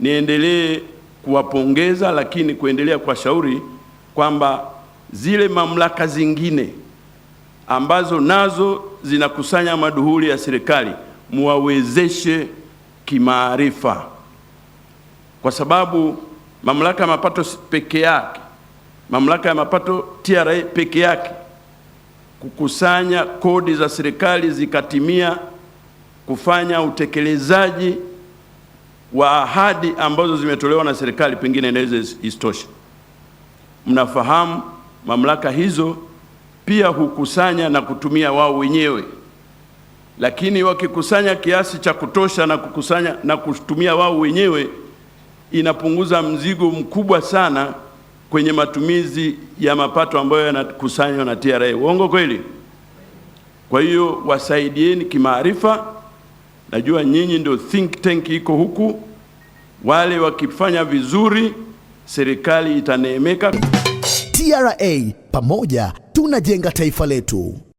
niendelee kuwapongeza, lakini kuendelea kuwashauri kwamba zile mamlaka zingine ambazo nazo zinakusanya maduhuli ya serikali muwawezeshe kimaarifa, kwa sababu mamlaka ya mapato peke yake, mamlaka ya mapato TRA peke yake kukusanya kodi za serikali zikatimia kufanya utekelezaji wa ahadi ambazo zimetolewa na serikali pengine inaweza isitoshe. Mnafahamu mamlaka hizo pia hukusanya na kutumia wao wenyewe, lakini wakikusanya kiasi cha kutosha na kukusanya na kutumia wao wenyewe, inapunguza mzigo mkubwa sana kwenye matumizi ya mapato ambayo yanakusanywa na TRA. Uongo kweli? Kwa hiyo wasaidieni kimaarifa. Najua nyinyi ndio think tank iko huku, wale wakifanya vizuri, serikali itaneemeka. TRA, pamoja tunajenga taifa letu.